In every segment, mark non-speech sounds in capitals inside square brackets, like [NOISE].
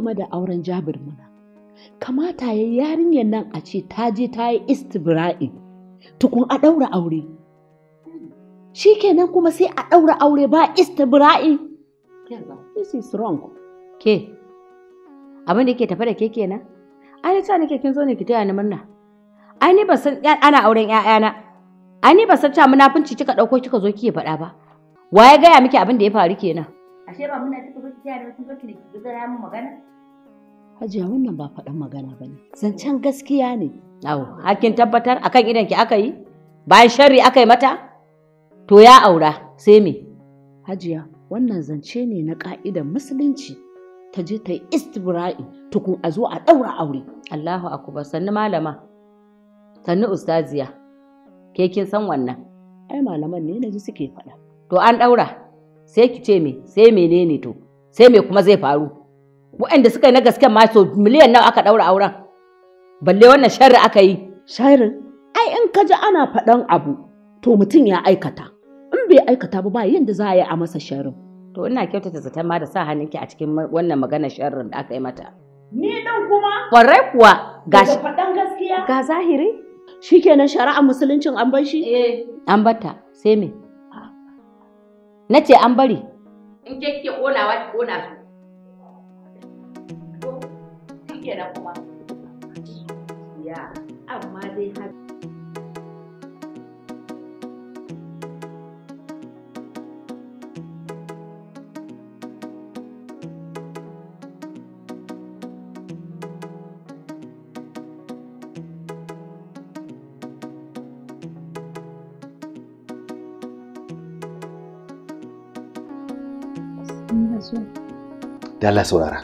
game da auren jabir muna kamata ya yarinyar nan a ce ta je ta yi istibra'i tukun a ɗaura aure shi kenan kuma sai a ɗaura aure ba istibra'i this is wrong ke abin da ke tafi da ke kenan ai ni ta nake kin zo ne ki taya ni murna ai ni ban san ana auren ƴaƴana ai ni ban san ta munafunci kika ɗauko kika zo kike faɗa ba waye gaya miki abin da ya faru kenan ashe ba muna tuka baki yara sun baki da gudana mu magana Hajiya wannan ba faɗan magana bane zancen gaskiya ne awo hakin tabbatar akan idan ki aka yi bayan shari aka yi mata to ya aura sai me Hajiya wannan zance ne na ka'idar musulunci ta je ta yi istibra'i tukun a zo a ɗaura aure Allahu akubar sannu malama sannu ustaziya ke kin san wannan ai malaman ne na ji suke faɗa to an ɗaura sai ki ce me sai menene to sai me kuma zai faru wa'anda suka yi na gasken ma so miliyan nawa aka ɗaura auren balle wannan sharri aka yi sharri ai in ka ji ana faɗan abu to mutum ya aikata in bai aikata ba ba yadda za a yi a masa sharri to ina kyautata zata ma da sa hannunki a cikin wannan magana sharrin da aka yi mata ni dan kuma kwarai kuwa ga faɗan gaskiya ga zahiri shikenan shari'a musuluncin an bar shi eh an bata sai me na ce an bari in ke kike ƙonawa ki ƙona su shi kenan kuma ya amma dai har da Allah saurara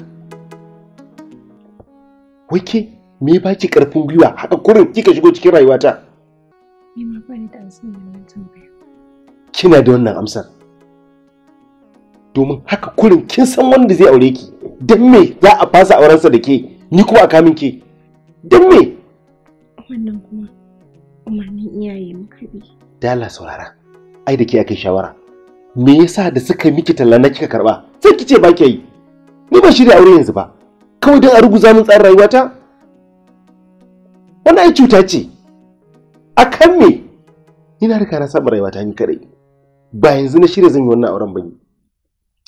wai ke me ba ki karfin gwiwa haka kurin kika shigo cikin rayuwata ni ma ba ni da amsar da wannan tambaya kina da wannan amsar domin haka kurin kin san wanda zai aure ki dan me za a fasa aurensa da ke ni kuma a kamin ke dan me wannan kuma umarnin iyaye muka bi da Allah saurara ai da ke aka shawara me yasa da suka miki talla na kika karba sai kice ba ki yi ni ba shirya aure yanzu ba kawai don a ruguza min tsarin rayuwata wannan ai cuta ce a kan me ina rika na saba rayuwata ni kadai ba yanzu na shirya zan yi wannan auren bane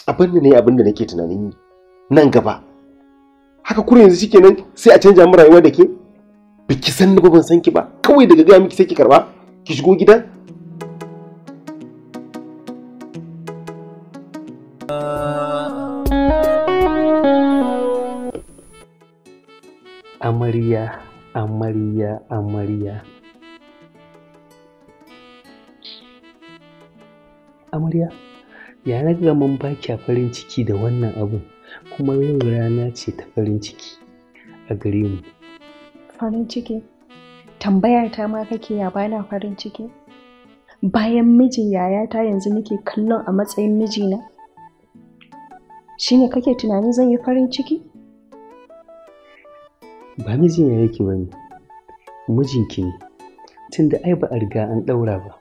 abin da ne abin da nake tunanin yi nan gaba haka kuma yanzu nan sai a canja min rayuwa da ke biki san ni ba ban san ki ba kawai daga gaya miki sai ki karba ki shigo gidan? Uh... Ah. amarya amarya amarya amarya ya na mun baki farin ciki da wannan abin kuma yau rana ce ta farin ciki a gare mu farin ciki tambaya ta ma kake ya bana farin ciki bayan mijin yayata yanzu nake kallon a matsayin mijina shine kake tunani zan yi farin ciki ba mijina yake ba ne mijinki ne tunda ai ba a riga an ɗaura ba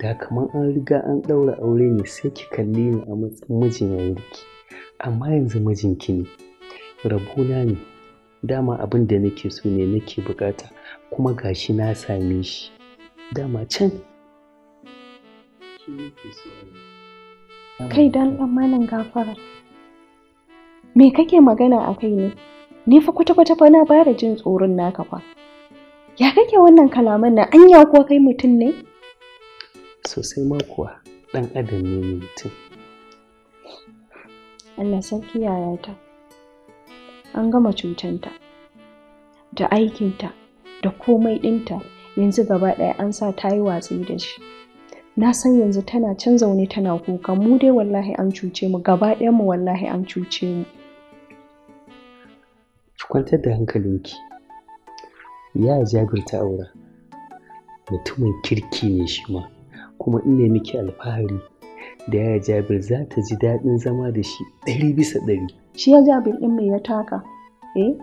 da kamar an riga an ɗaura aure ne sai ki kalli ni a matsayin mijina riki. amma yanzu mijinki ne rabona ne dama abin da nake so ne nake bukata kuma gashi na same shi dama can kai dan tsammanin gafara me kake magana a kai ne ni fa kwata-kwata fa na fara jin tsoron naka fa ya kake wannan kalaman nan anya kuwa kai mutum ne sosai ma kuwa ɗan adam ne mutum Allah sarki ta, an gama cutanta da aikinta da komai ɗinta yanzu gaba ɗaya an sa ta yi watsi da shi na san yanzu tana can zaune tana kuka mu dai wallahi an cuce mu gaba ɗaya mu wallahi an cuce mu kwantar da hankalinki ya jabir ta aura mutumin kirki ne shi ma kuma ina miki alfahari da ya jabir za ta ji daɗin zama da shi ɗari bisa ɗari shi ya jabir ɗin mai ya taka eh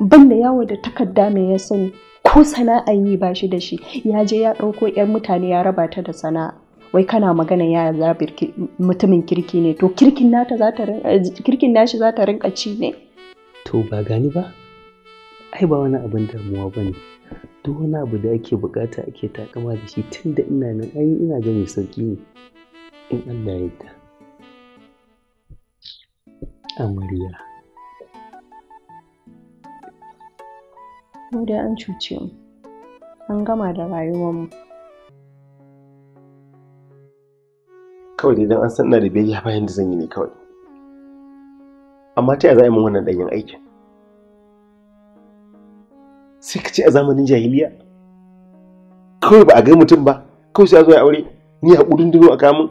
ban da yawo da takarda mai ya sani ko sana'a yi ba shi da shi ya je ya ɗauko 'yan mutane ya raba ta da sana'a wai kana magana ya zabir mutumin kirki ne to kirkin nashi za ta rinka ci ne to ba gani ba ai ba wani abin damuwa ba ne duk wani abu da ake bukata ake takama da shi tun da ina nan ai ina ga mai sauki ne in allah ya ta amarya mu da an cuce mu an gama da rayuwarmu kawai idan an san ina da biyayya bayan da zan yi ne kawai amma ta za a yi min wannan ɗanyen aikin sai ka ce a zamanin jahiliya kawai ba a ga mutum ba kawai sai a zo ya aure ni a ƙudin dino a kamun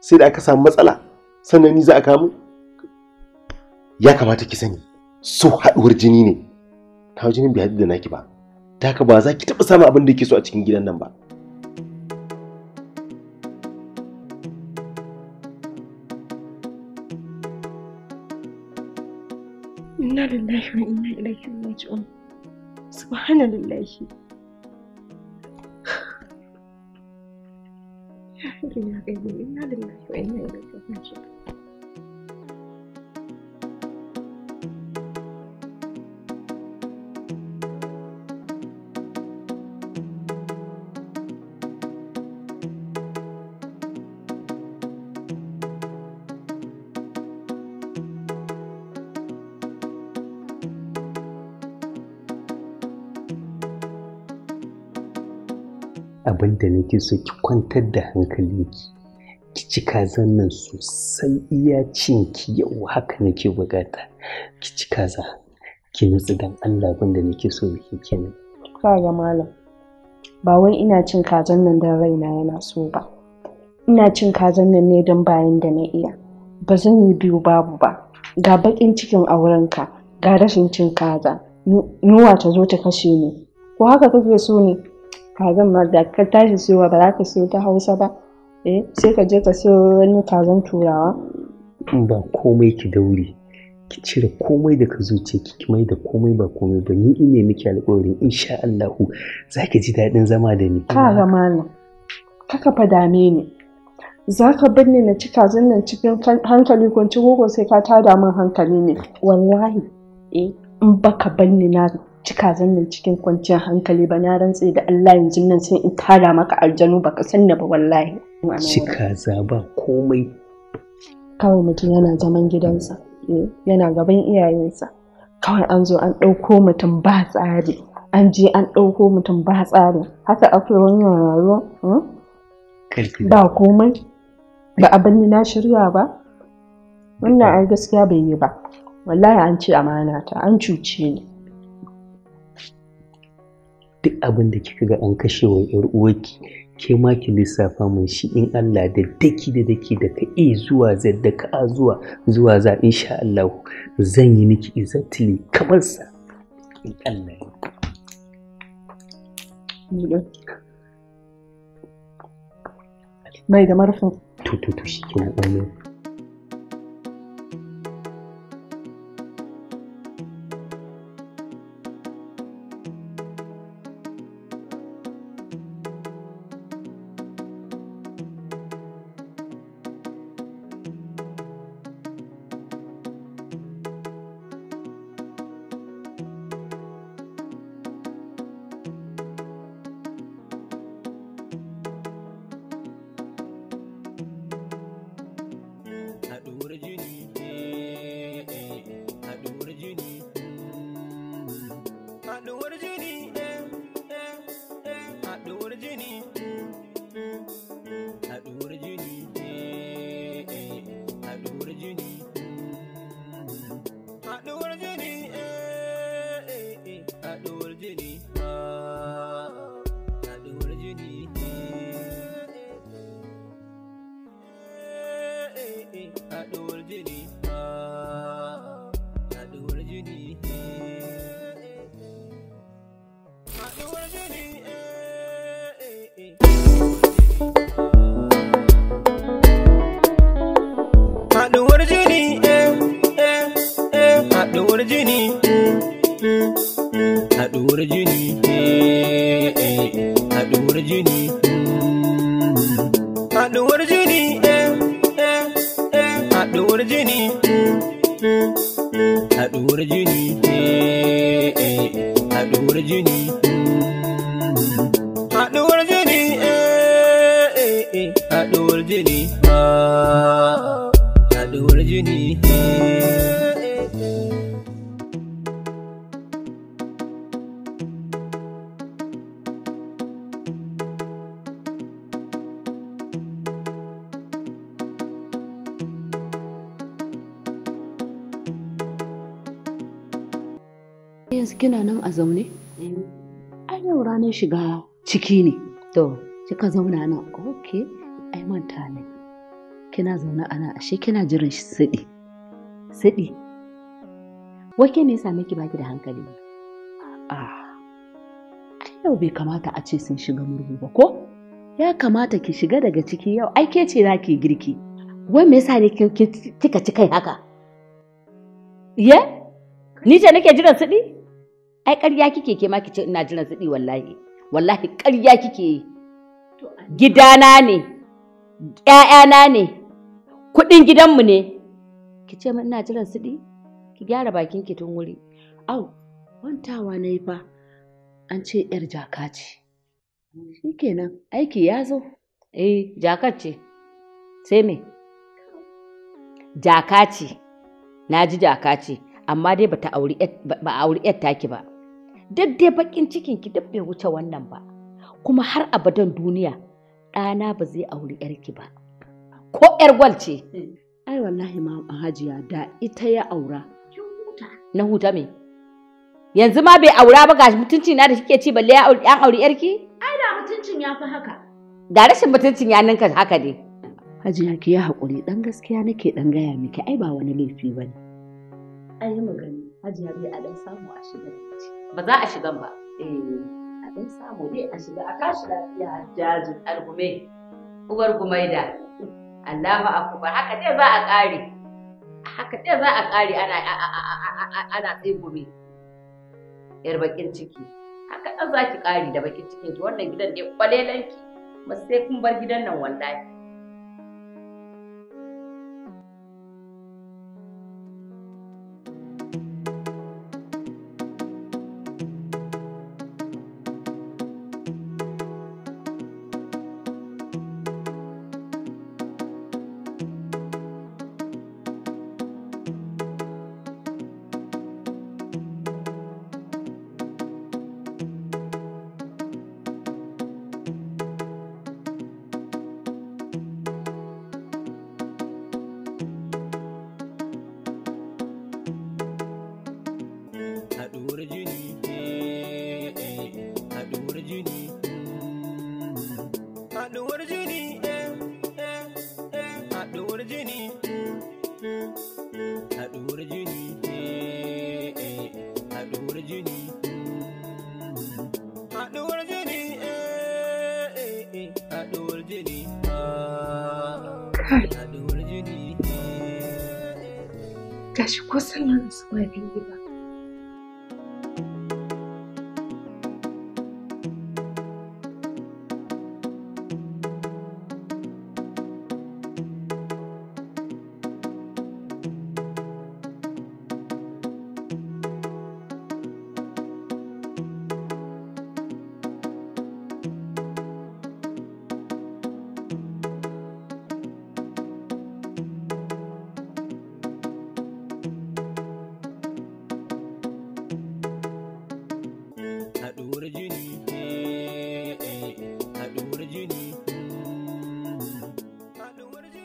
sai da aka samu matsala sannan ni za a kamun ya kamata ki sani so haɗuwar jini ne ta jinin bai haɗu da naki ba ta haka ba za ki taɓa samun abin da ke so a cikin gidan nan ba lillahi wa inna ilaihi raji'un subhanallahi ya hakika ya kai inna lillahi wa inna ilaihi abin da nake so ki kwantar da hankalinki ki cika zannan sosai iya cinki yau haka nake bukata ki cika za ki nutsu dan Allah abin da nake so miki kenan ga malam ba wai ina cin kazan nan don raina yana so ba ina cin kazan nan ne don bayan da na iya ba zan yi biyu babu ba ga bakin cikin aurenka ga rashin cin kaza yunwa ta zo ta kashe ni ko haka kake so ne kazan ma da ka tashi siyowa ba za ka siyo ta hausa ba eh sai ka je ka siyo wani kazan turawa ba komai ki daure ki cire komai daga zuciyarki ki mai da komai ba komai ba ni ne miki alƙawarin insha Allah za ki ji daɗin zama da ni ka ga malam kaka kafa dame ni za ka bar na ci kazan nan cikin hankali ko ci sai ka tada min hankali ne wallahi eh in baka bar na ci kazan cikin kwanciyar hankali ba na rantse da Allah yanzu nan sai in tara maka aljanu baka sanna ba wallahi ci kaza ba komai kawai mutum yana zaman gidansa eh, yana gaban iyayensa kawai an zo an ɗauko mutum ba tsari an je an ɗauko mutum ba tsari haka akwai wannan rayuwa hmm? ba komai ba abin da na shirya ba wannan ai gaskiya bai yi ba wallahi an ce amana ta an cuce ni duk abin da kika ga an kashe wa yar uwarki ke ma ki lissafa mun shi in Allah da daki da daki da ka e zuwa z da ka a zuwa zuwa za insha Allah zan yi miki exactly kamar sa in Allah ya mai da marfin to to to shi kenan kina zaune ana ashe kina jiran shi siɗi siɗi wake me yasa miki baki da hankali a yau bai kamata a ce sun shiga murhu ba ko ya kamata ki shiga daga ciki yau ai ke ce za ki girki wai me yasa ne kika ci kai haka ye ni ce nake jiran siɗi ai ƙarya kike ke ma ki ce ina jiran siɗi wallahi wallahi ƙarya kike yi gidana ne ‘ya'yana ne kuɗin gidanmu ne ki ce min ina jiran sudi ki gyara bakin ki tun wuri au wantawa na yi fa an ce yar jaka ce shikenan aiki ya zo eh jakar ce sai me jaka ce na ji jaka ce amma dai bata auri ba auri yar taki ba duk dai bakin cikin ki duk bai wuce wannan ba kuma har abadan duniya ɗana ba zai auri yarki ba ko ƴar gwal ce eh. ai wallahi ma hajiya da ita ya aura na huta me yanzu ma bai aura ba gashi mutunci na da kike ci balle ya aure yarki ai da mutuncin ya fi haka da rashin mutuncin ya ninka haka ne hajiya ki ya haƙuri dan gaskiya nake dan gaya miki ai ba wani laifi ba ne ai yi magana hajiya bai a dan samu a shiga ba za a shigan ba eh a dan samu dai a shiga a kashi lafiya jajin argume uwar gumaida Allahu akbar haka dai za a ƙare haka dai za a ƙare ana ana gobe yar bakin ciki haka dan zaki ƙare da bakin cikin ki wannan gidan dai kwalelanki ba sai kun bar gidan nan wallahi 我也屏蔽吧。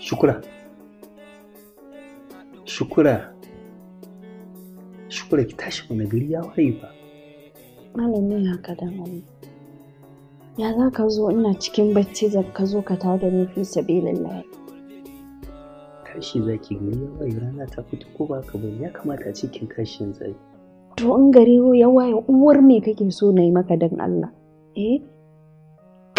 shukura shukura shukura ki tashi wani gari ya waye ba malamin haka dan Ali. ya za ka zo ina cikin bacci za ka zo ka tada ni fi sabilillahi Kashi zaki gari ya waye rana ta fito ko ba ka bane ya kamata a cikin kashin zaki to in gari ya waye uwar me kake so na yi maka dan Allah eh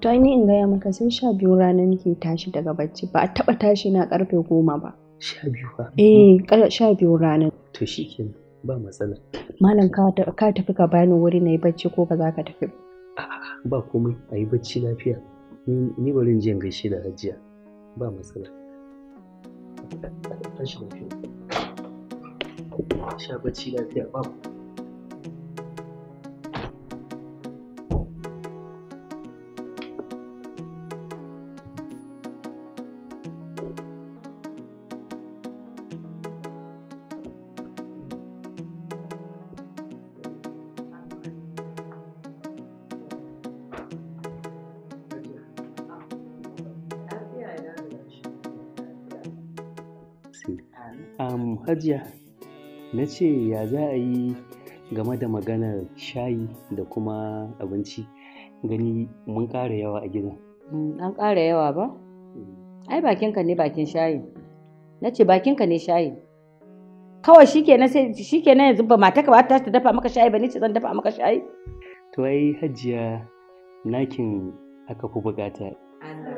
to ni in gaya maka sai sha biyu rana nake tashi daga bacci ba a taba tashi na karfe goma ba sha biyu rana eh sha biyu rana to shikenan ba matsala malam ka tafi ka bani wuri na yi bacci ko ba za ka tafi ba komai a yi bacci lafiya ni bari jin gaishe da hajiya ba matsala tashi lafiya sha bacci lafiya ba um, hajiya na ce ya za a yi game da maganar shayi da kuma abinci gani mun ƙara yawa a gidan mm, an ƙara yawa ba mm. ai bakinka ne bakin shayi na ce bakinka ne shayi kawai shi ke na yanzu ba mata ka ba ta dafa maka shayi ba ni ce zan dafa maka shayi to ai hajiya nakin aka fi bukata Allah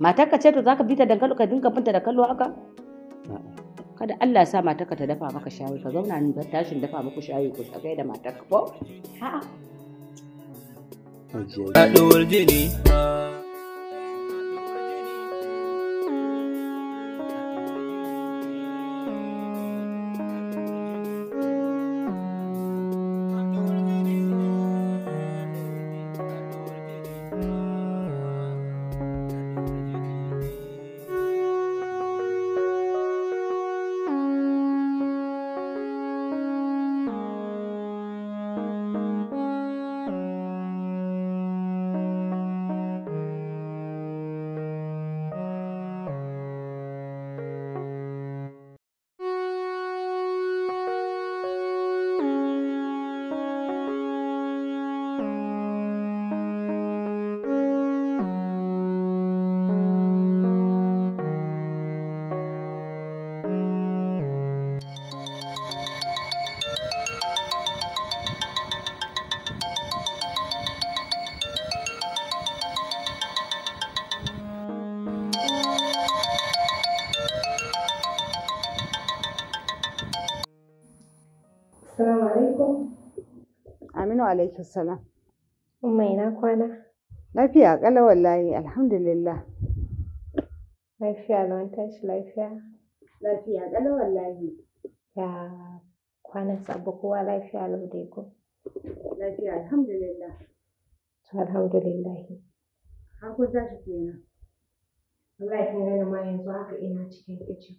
matarka ce to zaka bi ta dankali ka dinka binta da kallo haka kada Allah sa matarka ta dafa maka shayi ka zauna ni da tashin dafa maku shayi ku tsagai da matarka ko a'a da jini. alaikum salam. Umma ina kwana? Lafiya ƙala wallahi alhamdulillah. Lafiya lawan tashi lafiya. Lafiya ƙala wallahi. Ya kwana sabu kowa lafiya lau dai ko? Lafiya alhamdulillah. To alhamdulillah. Har kun tashi kenan. Wallahi kin gani ma yanzu haka ina cikin kicin.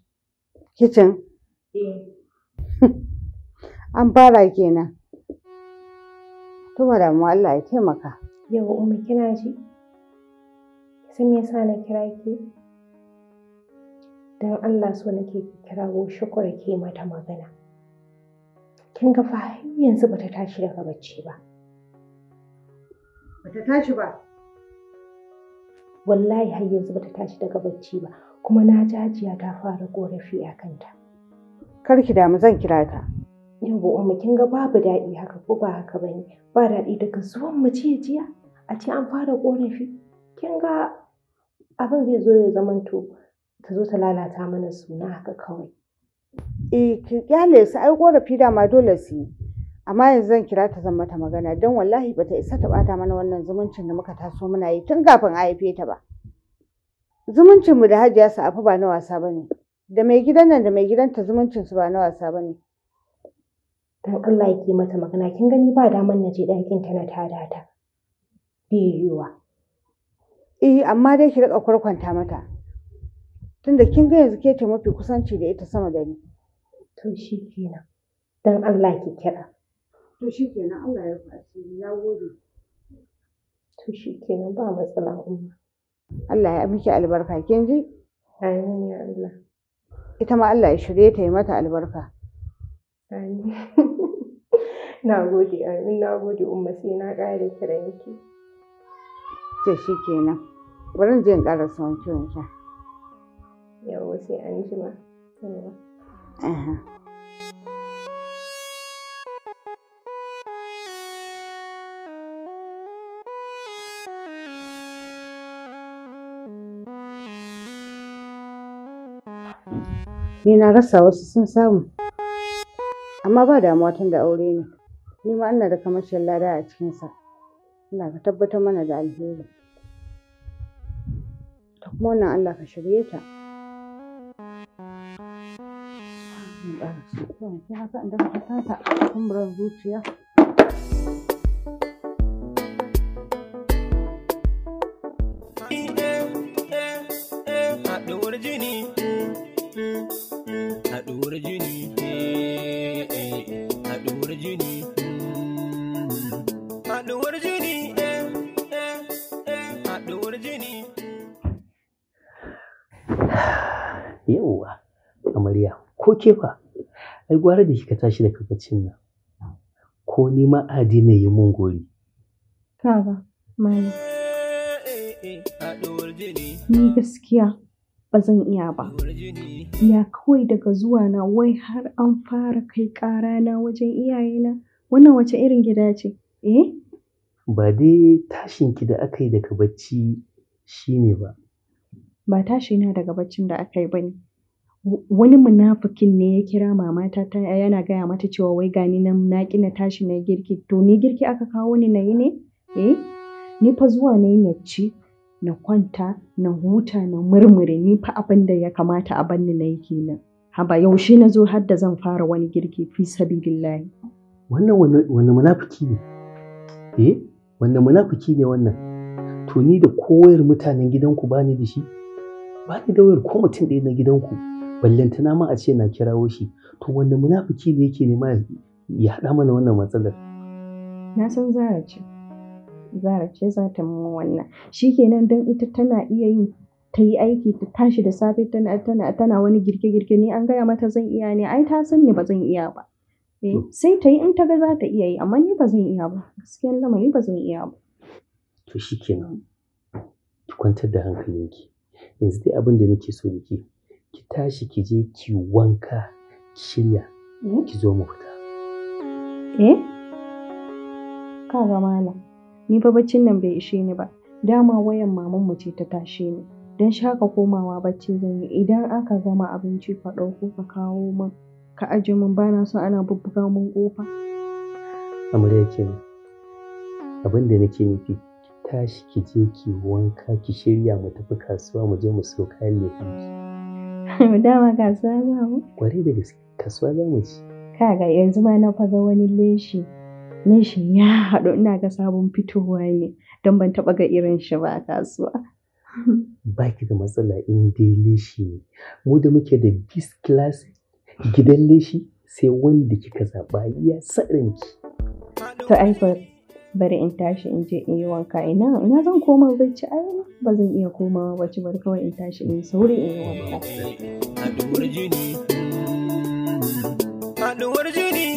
Kicin? Eh. [LAUGHS] An fara kenan. ba damuwa Allah ya taimaka. Yau Umu, kina ji? Sun me yasa na kira ki? Dan Allah so nake ki kirawo shukura ke mata magana. Kin ga fa yanzu bata tashi daga bacci ba. Bata tashi ba. Wallahi har yanzu bata tashi daga bacci ba kuma na jajiya ta fara korafi a kanta. Kar ki damu zan kira ta. Yawwa mu, kin ga babu daɗi haka ko ba haka ba ne. Ba daɗi daga zuwan mace jiya a ce an fara ƙorafi. Kin ga abin zai zo ya to ta zo ta lalata mana suna haka kawai. Eh ki kyale su ai ƙorafi dama dole su yi. Amma yanzu zan kira ta zan mata magana don wallahi bata isa ta ɓata mana wannan zumuncin da muka taso muna yi tun kafin a haife ta ba. Zumuncinmu da Hajiya afi ba na wasa ba ne. Da mai gidan nan da mai gidanta su ba na wasa ba ne. don Allah yake mata magana kin gani ba daman na je ɗakin ta na tada ta biyuwa eh amma dai ki riƙa kwarkwanta mata tunda kin ga yanzu ke mafi kusanci da ita sama da ni to shi kenan don Allah ki kira to shi kenan Allah ya faɗi ya gode to shi kenan ba matsala umma Allah ya miki albarka kin ji amin ya Allah ita ma Allah ya shirye ta yi mata albarka [LAUGHS] na gode amin na gode umma sai na ƙara kiranki to shi kenan bari je in ƙara son wanke yawa sai an jima yawa Ni na rasa wasu sun samu. amma ba damuwa da aure ne ni ma ina da kamashin lada a cikinsa Allah ka tabbatar mana da alheri ta kuma wannan Allah ka shirye ta zuciya ce fa ai gwara da kika tashi daga kacin nan ko ni ma adi na yi mun gori kaga mali ni gaskiya ba zan iya ba ya kawai daga zuwa na wai har an fara kai ƙara na wajen iyayena wannan wace irin gida ce eh ba dai tashin ki da aka yi daga bacci shine ba ba tashi na daga baccin da aka yi ba wani munafukin ne ya kira mamata ta yana gaya mata cewa wai gani nan na na tashi na girki to ni girki aka kawo ni na yi ne eh ni fa zuwa na yi na ci na kwanta na huta na murmure ni fa abin da ya kamata a banni na yi kenan haba yaushe na zo har da zan fara wani girki fi sabilillahi wannan wani munafiki ne eh wannan munafiki ne wannan to ni da koyar mutanen gidanku bani da shi bani da wayar ko mutum ɗaya na gidanku ballantana ma a ce na kirawo shi to wanda munafiki ne yake nema ya haɗa mana wannan matsalar na san zara ce zara ce za ta mu wannan Shi nan don ita tana iya yi ta yi aiki ta tashi da safe tana tana tana wani girke girke ni an gaya mata zan iya ne ai ta san ni ba zan iya ba eh, sai ta yi in ta ga za ta iya yi amma ni ba zan iya ba gaskiyar lamari ba zan iya ba to shi shikenan ki kwantar da hankalinki yanzu dai abin da nake so da ke ki tashi ki je ki wanka ki shirya eh? ki zo mu fita. Eh? Ka ga malam, ni fa baccin nan bai ishe ni ba. Dama wayan maman mu ce ta tashe ni. Don shaka komawa bacci zan yi idan aka gama abinci fa ɗauko ka kawo min ka aje min bana so ana bubbuga min ƙofa. yake ni, Abin da nake nufi tashi ki je ki wanka ki shirya mu tafi kasuwa mu je mu sauka kayan [LAUGHS] Dama kasuwa za mu? Kwarai da gaske, kasuwa za mu ci. Kaga yanzu ma na faga wani leshi. leshi ya haɗu ina ga sabon fitowa ne don ban taɓa ga irin shi ba a kasuwa. [LAUGHS] Ba ki da matsala in dai leshi ne. Mu da muke da bis class gidan leshi sai wanda kika zaɓa ya sarinki. Ta ai bari in tashi in je in yi wanka ina ina zan koma bacci ai ba zan iya komawa bacci bari kawai in tashi in sauri in yi wanka haduwar jini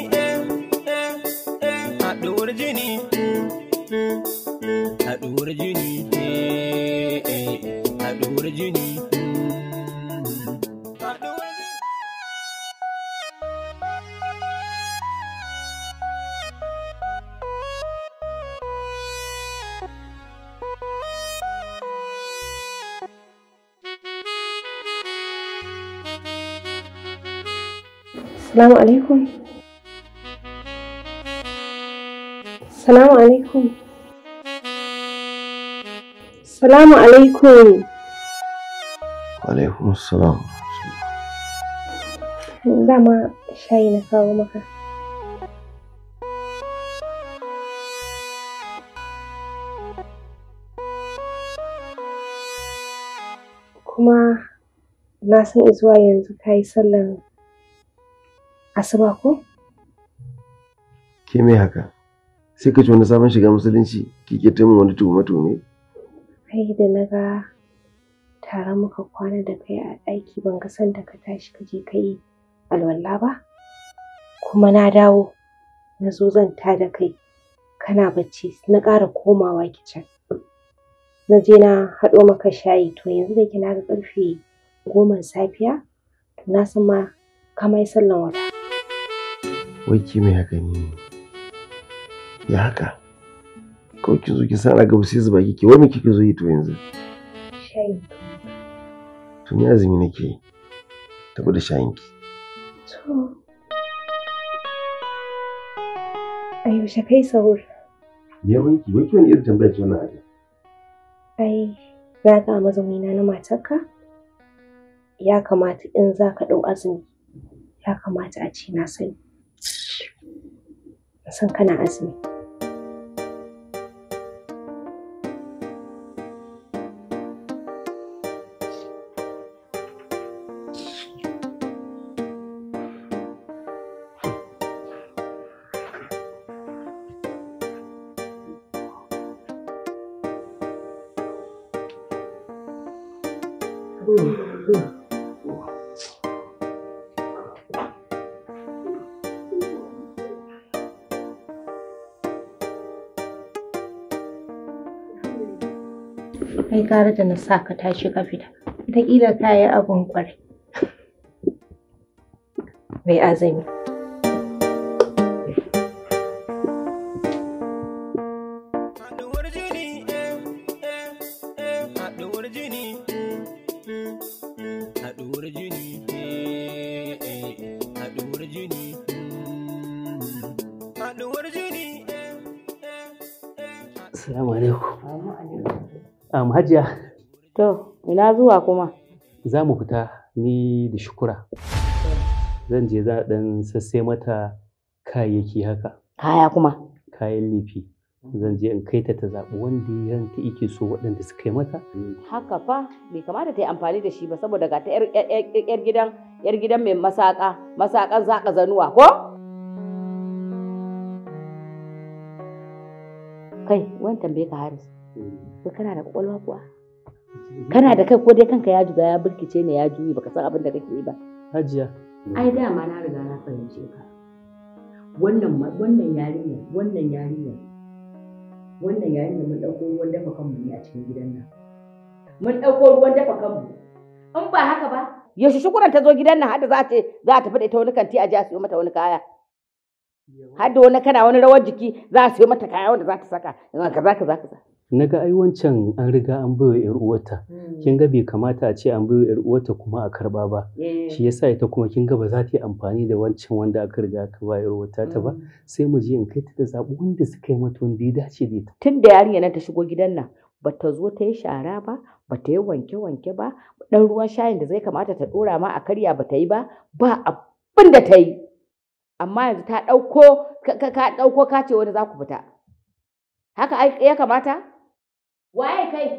jini Salamu alaikum. Salamu alaikum. Salamu alaikum. Alaikum salam. Dama shayi na kawo maka. Kuma na san izuwa yanzu ka yi sallan Asuba ko? Ke mai haka? Sai ka ci wani sabon shiga musulunci kike ta min wani tuhume-tuhume? Ai da na ga tare muka kwana da kai a aiki ban ga san da ka tashi ka je ka alwala ba? Kuma na dawo na zo zan ta da kai kana bacci na ƙara komawa kicin. na je na haɗo maka shayi to yanzu da kina na ga ƙarfe goma safiya to na san ma ka mai sallan wata wai ki mai haka ne ya haka ko ki zo ki san ga busi zuba kike wai me kike zo yi to yanzu to ni azumi nake ta tafi shayin ki to ai yaushe kai sahur me wanki ki wani irin tambaya ce wannan aje ai na ga mazauni na na matarka ya kamata in za ka ɗau azumi ya kamata a ce na sani san kana azumi gara da na sa ka tashi ka fita ƙila ka yi abin ƙwarai mai azumi Assalamu alaikum. um, hajiya to ina zuwa kuma za mu fita ni da shukura zan je za ɗan sassai mata kayayyaki haka kaya kuma kayan lifi zan je in kai ta ta zaɓi wanda yanka ike so waɗanda suka yi mata. Haka fa bai kamata ta yi amfani da shi ba saboda ga ta ‘yar gidan mai masaka masakan zaka zanuwa ko? Kai wani tambaye ka Haris ba kana da kwakwalwa kuwa kana da kai ko dai kanka ya juga ya birkice ne ya juyi baka san abin da kake yi ba hajiya ai ma na riga na fahimce ka wannan wannan yarinya wannan yarinya wannan yarinya mun dauko ruwan dafa kanmu ne a cikin gidan nan mun dauko ruwan dafa kanmu in ba haka ba yaushe shukuran ta zo gidan nan hadda za ta za ta fada ta wani kanti a ji a siyo mata wani kaya hadda wani kana wani rawar jiki za a siyo mata kaya wanda za ta saka kaza kaza kaza na ga aiwancan wancan an riga an bai wa ‘yar uwarta hmm. kin ga bai kamata a ce an bai wa ‘yar uwarta kuma a karba ba eh. shi yasa ita kuma kin ga ba za ta yi amfani da wancan wanda aka riga aka ba ‘yar uwarta ta ba hmm. sai mu je in kai ta da zabu wanda suka yi mata wanda ya dace da ita tun da yarinya na ta shigo gidan nan ba ta zo ta yi shara ba ba ta yi wanke-wanke ba dan ruwan shayin da zai kamata ta dora ma a karya ba ta yi ba ba abin da ta yi amma yanzu ta dauko ka dauko ka ce wanda za ku fita haka ya kamata waye kai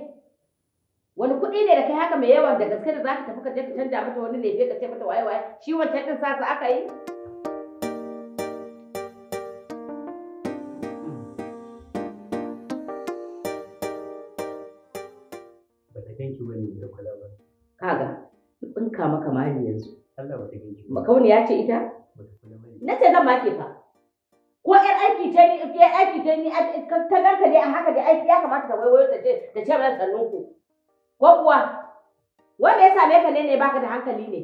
wani kuɗi ne da kai haka mai yawan da gaske da za tafi ka je ka canja mata wani lefe ka ce mata waye waye shi wancan sa sasa aka yi bata ganki wani da kwala ba kaga tsinka kama mali yanzu Allah ta ganki makauniya ce ita na ce zan ma ke fa ko yar aiki ta ni yar aiki ta ni ta ganka dai a haka dai aiki ya kamata ka waiwayo ta ce ta ce ran sannun ku ko kuwa wanda ya same ka ne ne baka da hankali ne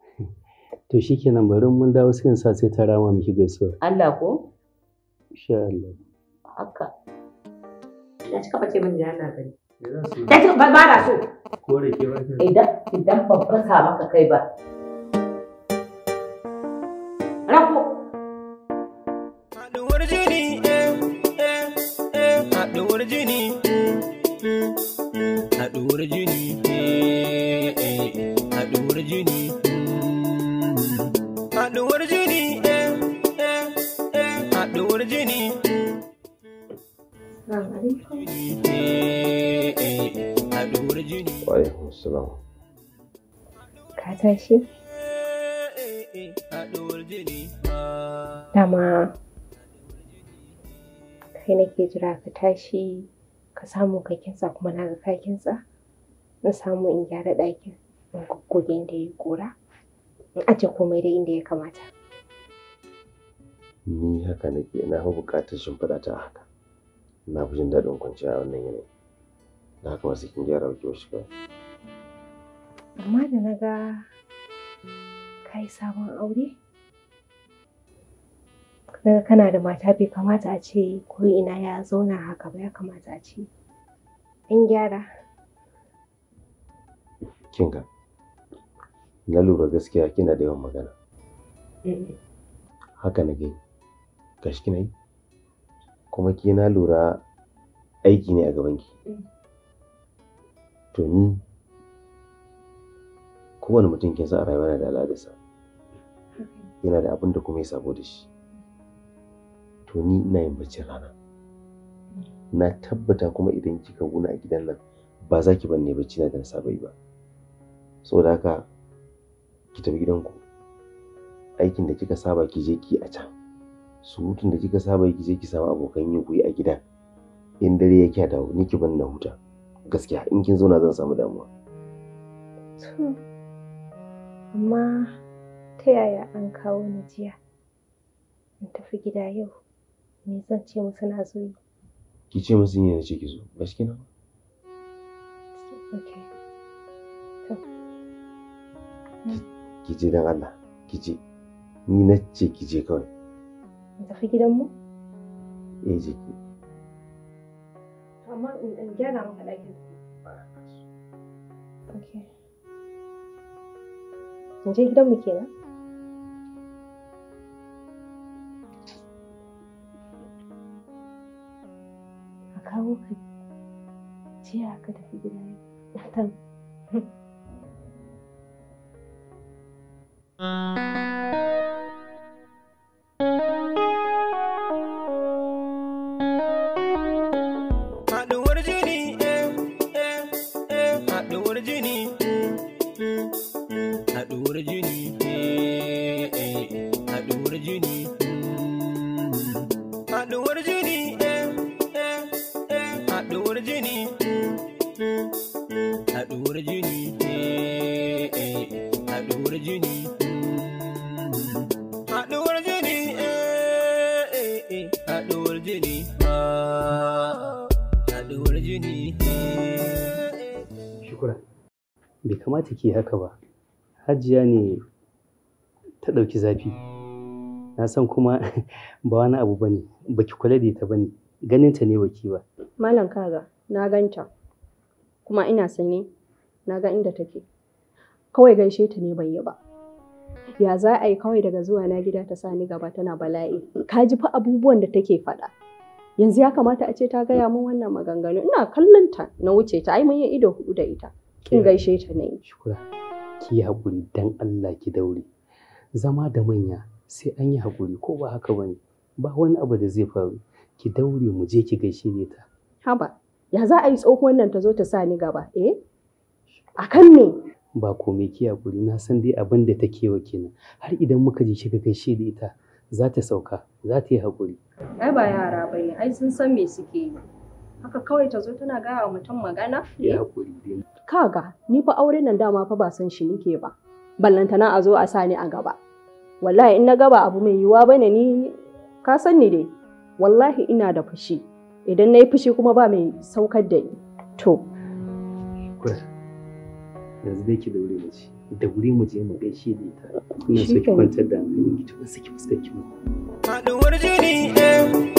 [LAUGHS] to shikenan bari mun dawo cikin sa sai ta rama miki gaisuwa Allah ko insha Allah haka ci cika bace min da yana gani ta ce ba ba so ko da ke ba idan idan ban fasa maka kai ba Tashi shi dama kai nake jira ka tashi ka samu ka kinsa kuma na ga ka kinsa na samu in gyara ɗakin in goge inda ya kora in aje komai da inda ya kamata ni haka nake na fi buƙatar shimfiɗa ta haka na fi jin daɗin kwanciya wannan yanayi da haka masu kin gyara wuce wasu kawai amma da na ga ka yi sabon aure daga kana da mata bai kamata a ce ko ina ya zauna haka ba ya kamata a ce an gyara kinga na lura gaskiya kina da yawan magana haka na gani gashi kina yi kuma ke na lura aiki ne a gabanki mm. to ni kowane mutum kin san a rayuwa yana da al'adarsa yana da abin da kuma ya sabo da shi to ni ina yin baccin rana na tabbata kuma idan kika guna a gidan nan ba za ki banne bacci na da na sabai ba saboda haka ki tafi gidanku aikin da kika saba ki je ki a can surutun da kika saba ki je ki samu abokan yin ku yi a gida, in dare ya kya dawo ni ki ban na huta gaskiya in kin zauna zan samu damuwa amma ta yaya an kawo ni jiya in tafi gida yau me zan ce musu na zo yi ki ce musu ne na ce ki zo ba shi kenan ki je dan Allah ki je ni na ce ki je kawai in tafi gidan mu eh je ki amma in gyara maka ɗakin okay in gidan mu kenan a kawo ka jiya ka tafi gida matan [LAUGHS] Ke haka ba hajiya ne ta ɗauki zafi na san kuma [LAUGHS] ba wani abu ba ne ba ki kula da ita ba ne ganinta ne baki ba malam kaga na ganta kuma ina sane na ga inda take kawai gaishe ta ne bai yi ba ya za a yi kawai daga zuwa na gida ta sani gaba tana bala'i ka ji fa abubuwan da take faɗa yanzu ya kamata a ce ta gaya mun wannan maganganu ina kallon ta na wuce ta ai mun yi ido huɗu da ita kin gaishe ta ne shukura ki yi hakuri dan Allah ki daure zama da manya sai an yi hakuri ko ba haka bane ba wani abu da zai faru ki daure mu je ki gaishe ne ta haba ya za a yi tsohuwan nan ta zo ta sa ni gaba eh kan ne ba komai ki hakuri na san dai abin da take wa kenan har idan muka je kika gaishe da ita za ta sauka za ta yi hakuri ai ba yara bane ai sun san me suke yi haka kawai ta zo tana gaya wa mutum magana? Ya Kaga, ni fa auren nan dama fa ba san shi nike ba. Ballantana a zo a sa ni a gaba. Wallahi in na gaba abu mai yiwuwa bane ni ka san ni dai. Wallahi ina da fushi. Idan na yi fushi kuma ba mai saukar da ni. To. Yanzu dai ki da wuri mace. Da wuri mu je mu gaishe da ita. Ina so ki kwantar da hankali ki tuna saki fuskarki mu. Haɗuwar jini eh.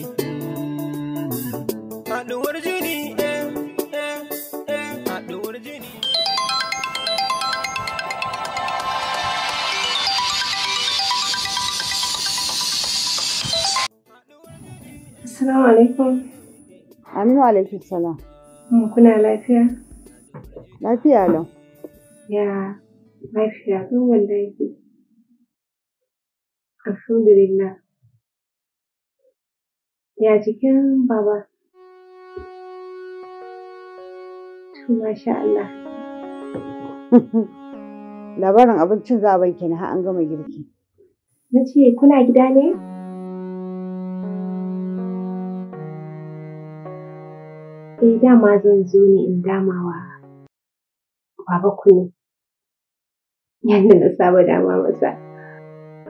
Assalamu alaikum. Aminu alaikum salam. Mm, kuna lafiya? Lafiya lau. Ya, lafiya ɗin wallahi. Alhamdulillah. Ya cikin baba? Tu masha Allah. [LAUGHS] Labarin abincin zaben kenan ha an gama girki. Na ce, kuna gida ne? Eh dama zan zo ne in dama wa baba kunu. Yadda na saba dama masa.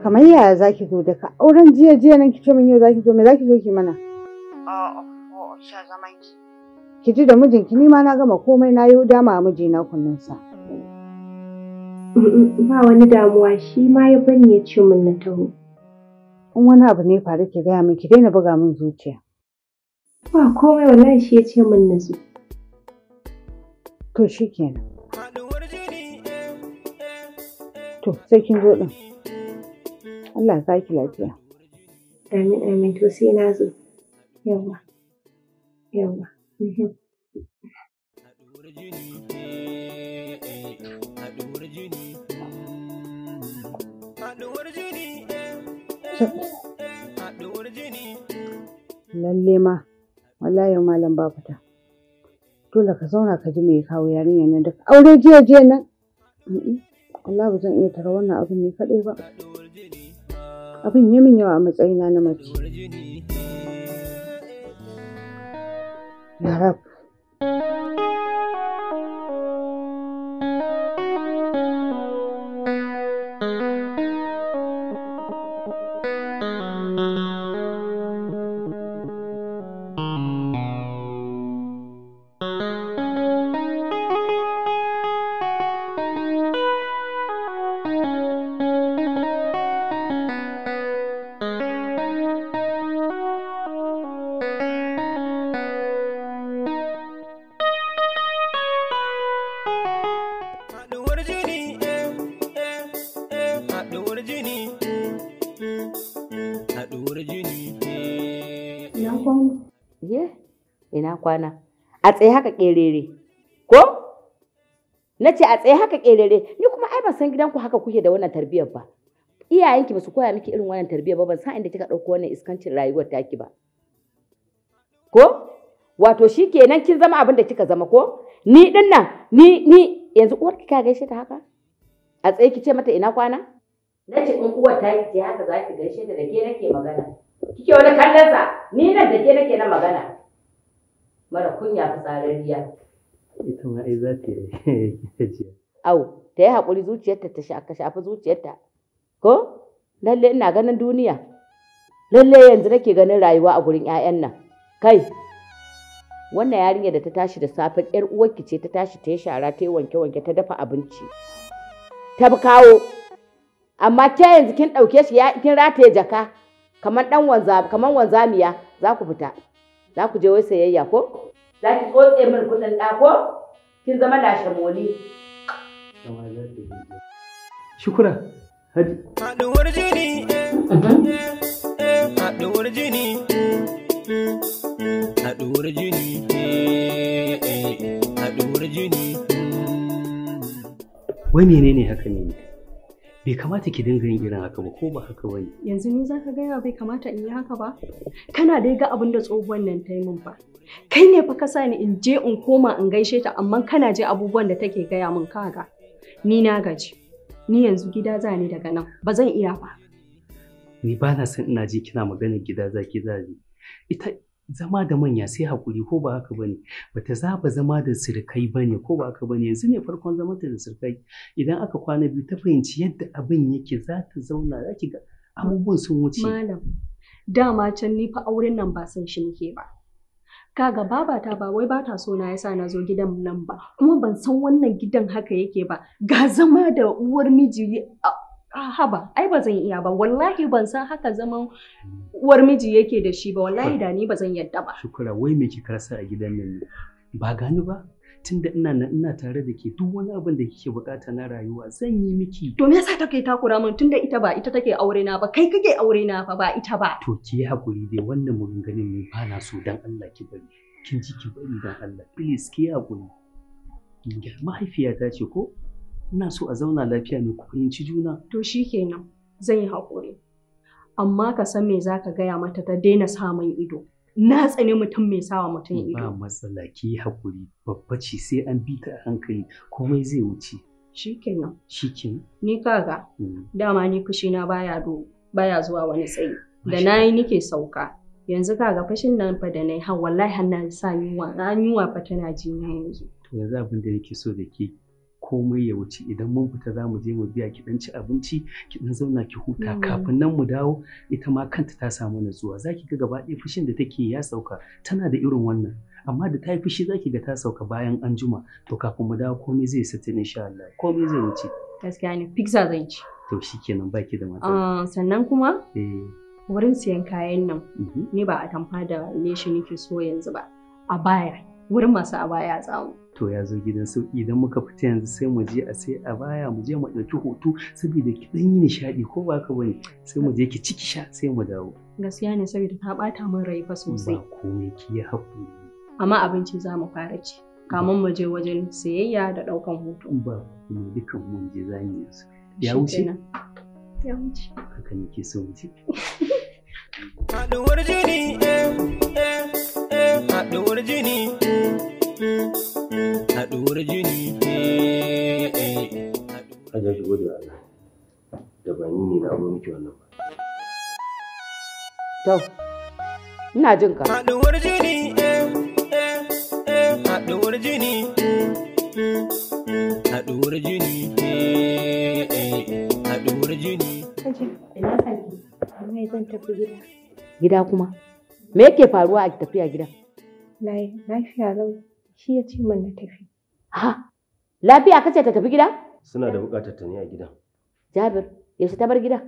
Kamar yaya za ki zo daga auren jiya jiya nan ki ce min yau za ki zo me za ki zo ki mana? A'a oh, oh, oh, sha zaman ki. Ki ji da mijinki ni ma na gama komai na yi dama mijina kunnun sa. Ba wani damuwa shi ma ya bani ya ce min na taho. In wani abu ne faru ki gaya min ki daina buga min zuciya. Ba komai wallahi shi ya ce min na zo. To shi kenan. To sai kin zo ɗin. Allah ya ki lafiya. Amin amin to sai na zo. Yawwa. Yawwa. Mhm. Lalle ma wallahi malam ba fita dole ka zauna ka ji me kawo yarinyar nan duk aure jiya jiya nan Allah ba zan iya tara wannan abin ne kaɗai ba abin ya min yawa a matsayina na mace ya rabu a tsaye haka ƙerere ko na ce a tsaye haka ƙerere ni kuma ai ban san gidanku haka kuke da wannan tarbiyyar ba iyayenki ba su koya miki irin wannan tarbiyyar ba ban san inda kika ɗauko wannan iskancin rayuwar taki ba ko wato shi kenan kin zama abin da kika zama ko ni din nan ni ni yanzu uwar ki kika gaishe ta haka a tsaye ki ce mata ina kwana na ce in uwar ta ki ce haka za ki gaishe ta da ke nake magana kike wani kallon sa ni nan da ke nake na magana mara kunya fitsararriya ita ma ai za ta yi [LAUGHS] au ta yi haƙuri zuciyarta ta shafi zuciyarta ko lalle ina ganin duniya lalle yanzu nake ganin rayuwa a gurin 'ya'yan nan kai wannan yarinyar da ta tashi da safe yar uwarki ce ta tashi ta yi shara ta yi wanke wanke ta dafa abinci ta kawo amma ke yanzu kin ɗauke shi kin rataye jaka kamar ɗan wanzamiya za ku fita Za ku je wai sayayya ko? Za ki tsotse min kuɗin ɗa ko? Kin zama lashe moli. Shukura, Hadi. Haɗuwar jini. Mhm. Haɗuwar jini. Haɗuwar jini. Haɗuwar jini. Wai menene haka ne? bai kamata ki dinga yin irin haka ba ko ba haka ba ne. Yanzu ni za ka gaya bai kamata in yi haka ba? Kana dai ga abin da tsohuwan nan ta yi min ba. Kai ne fa ka sa ni in je in koma in gaishe ta amma kana je abubuwan da take gaya min kaga. Ni na gaji. Ni yanzu gida za ni daga nan ba zan iya ba. Ni ba na san ina ji kina maganar gida za ki za Ita zama da manya sai hakuri ko ba haka bane bata zaba zama da sirkai bane ko ba haka bane yanzu ne farkon zamanta da sirkai idan aka kwana biyu ta fahimci yadda abin yake za ta zauna za ki ga abubuwan sun wuce malam dama can ni fa auren nan ba san shi nake ba kaga babata ba wai bata so na yasa na zo gidan nan ba kuma ban san wannan gidan haka yake ba ga zama da uwar miji A ah, haba ai ba zan iya ba wallahi ban san haka zaman uwar miji yake da shi ba wallahi da ni ba zan yadda ba shukura wai me kika rasa a gidan nan ba gani ba tunda ina nan ina tare da ke duk wani abin da kike bukata na rayuwa zan yi miki to me yasa take takura min tunda ita ba ita take aure na ba kai kake aure na fa ba ita ba to ki hakuri dai wannan maganganun ne ba na so dan Allah ki bari kin ji ki bari dan Allah please ki hakuri mahaifiyata ce ko ina so a zauna lafiya mai ku fahimci juna to shikenan zan yi haƙuri amma ka san me zaka gaya mata ta daina samun ido na tsane mutum mai sawa mutum ido ba matsala ki yi haƙuri babba ce sai an bi ta a hankali komai zai wuce shikenan shikenan ni kaga mm. dama ni fushi na baya do baya zuwa wani tsayi da na yi nike sauka yanzu kaga fashin nan fa da nayi hawa wallahi har na sa yunwa na yunwa fa tana jin yanzu to yanzu abin da nake so da ke komai ya wuce idan mun fita za mu je mu biya ki dan ci abinci ki dan zauna ki huta hmm. kafin nan mu dawo ita ma kanta ta samu natsuwa zaki ga gaba ɗaya fushin da take ya sauka tana da irin wannan amma da ta yi fushi zaki ga ta sauka bayan an juma to kafin mu dawo komai zai satin insha Allah komai zai wuce gaskiya ne pizza zan ci to shikenan baki da matsala ah, sannan kuma eh. wurin siyan kayan nan mhm. ni ba a tamfa da leshi nake so yanzu ba a baya wurin masu abaya tsawo. To ya zo gidan sauki idan muka fita yanzu sai mu je a sai abaya mu je mu ɗauki hoto saboda ki ɗan yi nishaɗi ko ba ka bane sai mu je ki ciki sha sai mu dawo. Gaskiya ne saboda ta ɓata min rai fa sosai. Ba komai ki ya haƙuri. Amma abinci za mu fara ci. Kamun mu je wajen siyayya da ɗaukan hoto. Ba komai dukan mun je za mu yanzu. Ya wuce? Ya wuce. Haka ne ke so mu [LAUGHS] jini eh eh. haɗuwar jini haɗuwar jini Allah shi gode Allah da ba ni ne na abu miki wannan ba to ina jin ka haɗuwar jini haɗuwar jini haɗuwar jini haɗuwar jini ina sanki amma zan tafi gida kuma me yake faruwa a tafiya gidan na yi mm. lafiya lau shi ya ce min na tafi. Ha, lafiya kace ta tafi gida? Suna da buƙatar ta ne a gidan. Jabir, yaushe ta bar gida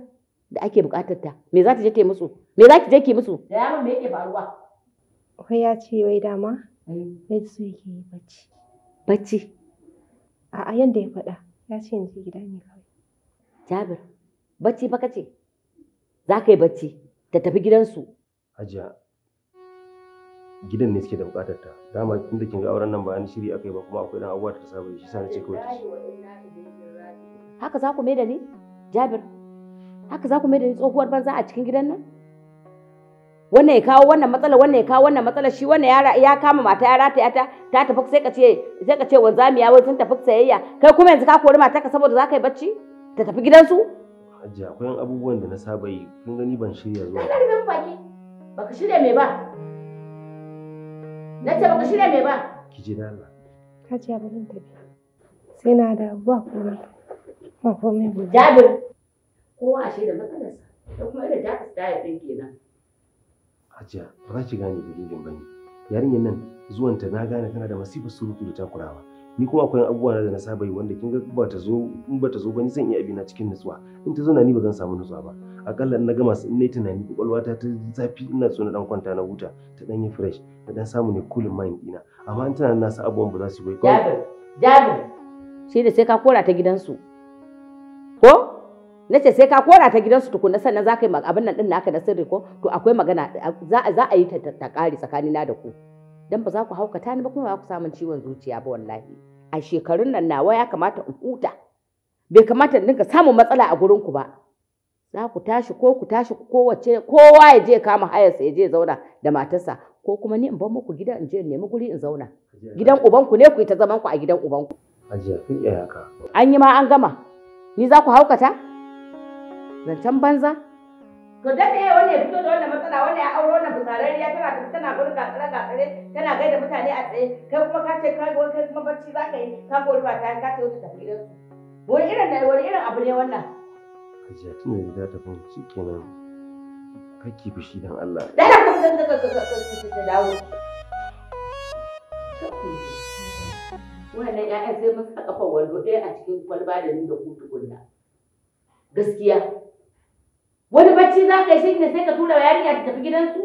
da ake buƙatar ta? Me za ta je ta musu? Me za ki je ki musu? Da yaron me yake faruwa? Wai ya ce wai dama? Mm. Wai su yake yi bacci. Bacci? A'a yanda ya faɗa ya ce yanzu gida ne kawai. Jabir, bacci fa kace? Za ka yi bacci ta tafi gidansu. Hajiya, gidan ne suke da bukatar ta dama tun da kin ga auren nan ba ni shiri akai ba kuma akwai dan abuwa ta saba shi sai ce kawai haka za ku mai da ni Jabir haka za ku mai da ni tsohuwar banza a cikin gidan nan wannan ya kawo wannan matsala wannan ya kawo wannan matsala shi wannan ya ya kama mata ya rata ta ta tafi sai ka ce sai ka ce wanzami ya wai sun tafi sayayya kai kuma yanzu ka kori mata ka saboda za ka yi bacci ta tafi gidansu Hajji akwai abubuwan da na saba yi kun gani ban shirya zuwa ba. Ka baka shirya me ba. Na ce baka shirya me ba? Ki ji da Allah. Ka ji abin tafi. Sai na da ba komai. Ba komai ba. Jabir. Kowa ashe da matsalarsa. Da kuma irin da style din kenan. Hajiya, ba za ki gane dalilin ne Yarinyar nan zuwanta na gane tana da masifar surutu da takurawa. ni kuma akwai abubuwa da na saba yi wanda kin ga ba ta zo in ba ta zo ba ni zan iya abina cikin nutsuwa in ta zo na ni ba zan samu nutsuwa ba akalla na gama in nayi tunani kwakwalwa ta ta zafi ina so na dan kwanta na huta ta dan yi fresh ta dan samu ne cool mind dina amma in tunanin nasu abubuwan ba za su yi ba jabi sai ne sai ka kora ta gidansu ko na ce sai ka kora ta gidansu tukuna sannan za ka yi abin nan din naka da sirri ko to akwai magana za a yi ta kare tsakanina da ku. dan ba za ku haukata ni ba kuma ba ku samun ciwon zuciya ba wallahi a shekarun nan nawa ya kamata in huta bai kamata in dinka samun matsala a gurin ku ba za ku tashi ko ku tashi kowace kowa ya je kama hayarsa ya je zauna da matarsa ko kuma ni in bar muku gida in je in nemi guri in zauna gidan ku ne ku yi ta zaman ku a gidan uban ajiya an yi ma an gama ni za ku haukata zancen banza to dan me wanda ya fito da wannan matsala wanda ya auro wannan busarariya tana tafi tana gurin ga gatsare tana gaida mutane a tsaye kai kuma ka ce kai wani kai kuma barci za ka yi ka kori ba ta ka ce wata tafi gidan wani irin wani irin abu ne wannan Hajiya tun da gida ta fahimci shi kenan kake fushi dan Allah. da kuma zan zaka ka ka dawo. Wannan ya'yan sai mun saka kafa wando ɗaya a cikin kwalba da ni da ku tukunna. Gaskiya wani bacci za ka yi shi ne sai ka tura yarinya ta tafi gidansu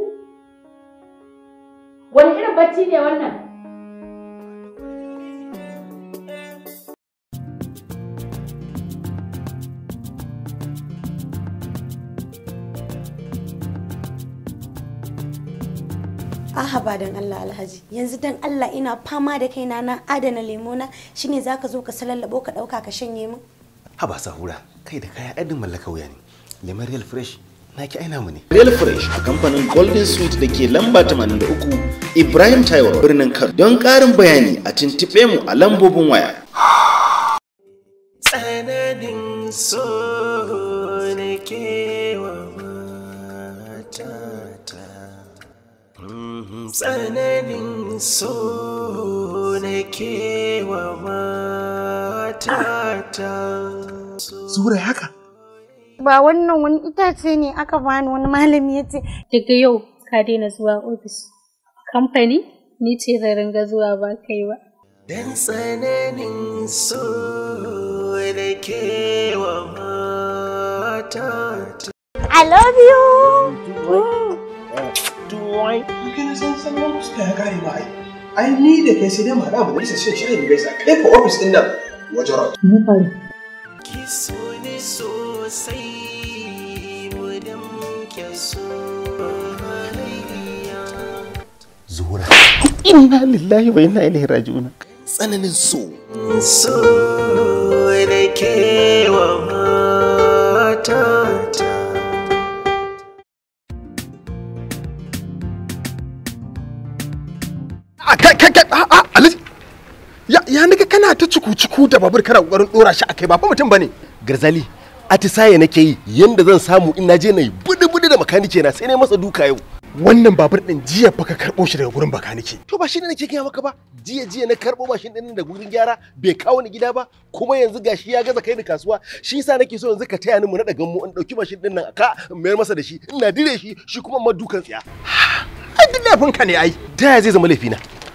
wani irin bacci ne wannan ahaba don Allah alhaji yanzu don Allah ina fama da kaina na adana lemona shine ka zo ka salallabo ka ɗauka ka shanye min haba sahura kai da kaya ɗan mallaka wuya ne lemon real fresh na ki aina mu ne real fresh a kamfanin golden sweet da ke lamba 83 ibrahim taiwo birnin kano don ƙarin bayani a tuntuɓe mu a lambobin waya tsananin so ne kewa matata tsananin so ne kewa matata Zura haka ba wannan wani itace ne aka bani wani malami ya ce daga yau ka daina zuwa ofis kamfani ni ce da ringa zuwa ba kai ba dan tsananin so da ke wa mata I love you. Duwai. Eh, Kana san san wani suka ya kare ba ai. Ai ni da kai sai dai mu haɗa mu da isa shi ne bai sa kai ko ofis din nan wajen rot. Ni fari. ki so ni sosai mudan ke so Zuhura. Inna lillahi wa inna ilaihi raji'un. Tsananin so. So da kewa ma. ta ciku-ciku da babur kana kokarin dora shi akai ba fa mutum bane garzali atisaye nake yi yanda zan samu in naje na yi budi-budi da makanike na sai na masa duka yau wannan babur ɗin jiya fa ka karbo shi daga gurin bakanike to ba shi ne nake gaya maka ba jiya jiya na karbo mashin din daga gurin gyara bai kawo ni gida ba kuma yanzu gashi ya gaza kai ni kasuwa shi yasa nake so yanzu ka taya ni mu na gan mu in dauki mashin din nan ka mayar masa da shi ina dire shi shi kuma ma dukan tsiya ai duk ne ai da ya zai zama laifina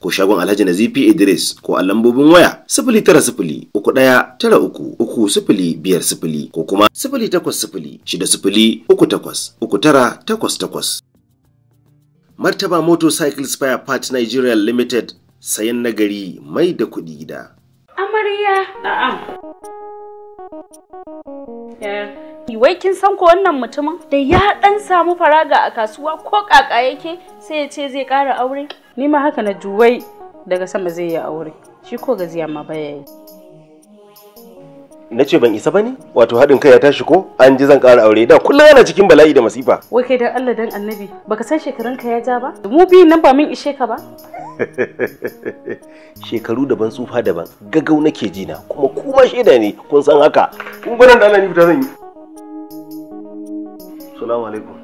ko shagon Alhaji Nazifi Idris ko a lambobin waya sifili tara sifili uku ɗaya tara uku uku sifili biyar sifili ko kuma sifili takwas sifili shida sifili uku takwas uku tara takwas takwas. Martaba Motorcycle Spire Part Nigeria Limited sayan nagari mai da kuɗi gida. Amarya! Na'am. Yeah. wai kin san ko wannan mutumin da ya dan samu faraga a kasuwa ko kaka yake sai ya ce zai kara aure ni ma haka na juwai daga sama zai yi aure shi ko gaziya ma baya yi na ce ban isa bane wato haɗin kai ya tashi ko an ji zan ƙara aure da kullum yana cikin bala'i da masifa wai kai dan Allah dan annabi baka san shekarun ka ya ja ba mu biyu nan ba min ishe ka ba [LAUGHS] shekaru daban tsufa daban gagau nake jina kuma kuma shaida ne kun san haka kun gwanan da Allah ni fita zan yi Salamu alaikum.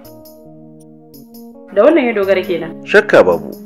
Da wannan ya dogara kenan. Shakka babu.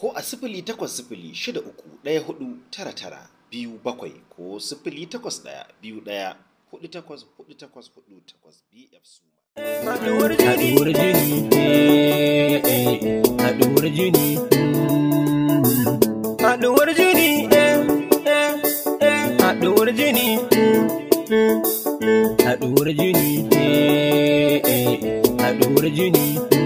ko a sifili takwas sifili shida uku ɗaya hudu tara tara biyu bakwai ko sifili takwas ɗaya biyu ɗaya hudu takwas hudu takwas hudu takwas bf suma. haɗuwar jini haɗuwar jini haɗuwar jini haɗuwar jini haɗuwar jini haɗuwar jini